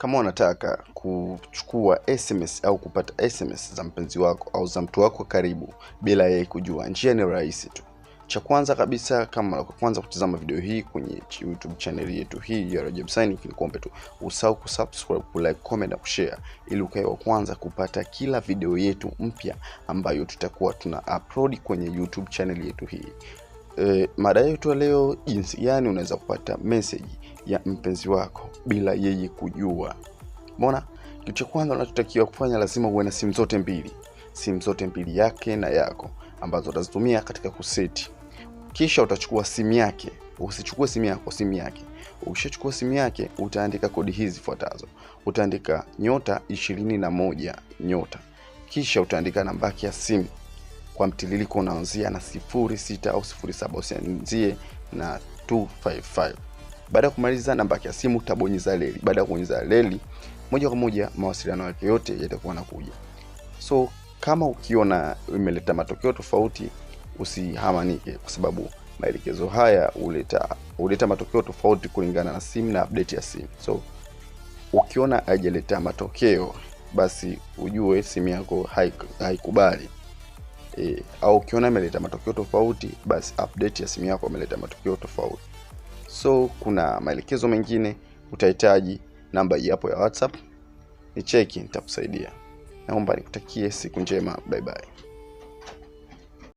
Kama unataka kuchukua SMS au kupata SMS za mpenzi wako au za mtu wako karibu bila yeye kujua, njia ni rahisi tu. Cha kwanza kabisa, kama la kwanza kutazama video hii kwenye YouTube channel yetu hii ya Rajab Synic, nikuombe tu usahau kusubscribe, kulike, comment na kushare ili ukae wa kwanza kupata kila video yetu mpya ambayo tutakuwa tuna upload kwenye YouTube channel yetu hii e, mada yetu leo, jinsi gani unaweza kupata message ya mpenzi wako bila yeye kujua. Umeona, kitu cha kwanza unachotakiwa kufanya, lazima uwe na simu zote mbili, simu zote mbili yake na yako, ambazo utazitumia katika kuseti. Kisha utachukua simu yake, usichukue simu yako, simu yake. Ukishachukua simu yake, utaandika kodi hizi zifuatazo, utaandika nyota ishirini na moja nyota, kisha utaandika nambaki ya simu kwa mtililiko unaanzia na 06 au 07 usianzie na 255. Baada ya kumaliza namba ya simu utabonyeza leli. Baada ya kubonyeza leli, moja kwa moja mawasiliano yake yote yatakuwa nakuja. So kama ukiona imeleta matokeo tofauti, usihamanike kwa sababu maelekezo haya uleta uleta matokeo tofauti kulingana na simu na update ya simu. So ukiona haijaleta matokeo, basi ujue simu yako haikubali e, au ukiona imeleta matokeo tofauti, basi update ya simu yako imeleta matokeo tofauti. So kuna maelekezo mengine utahitaji namba yapo ya WhatsApp. cheki nitakusaidia. Naomba nikutakie siku njema. Bye bye.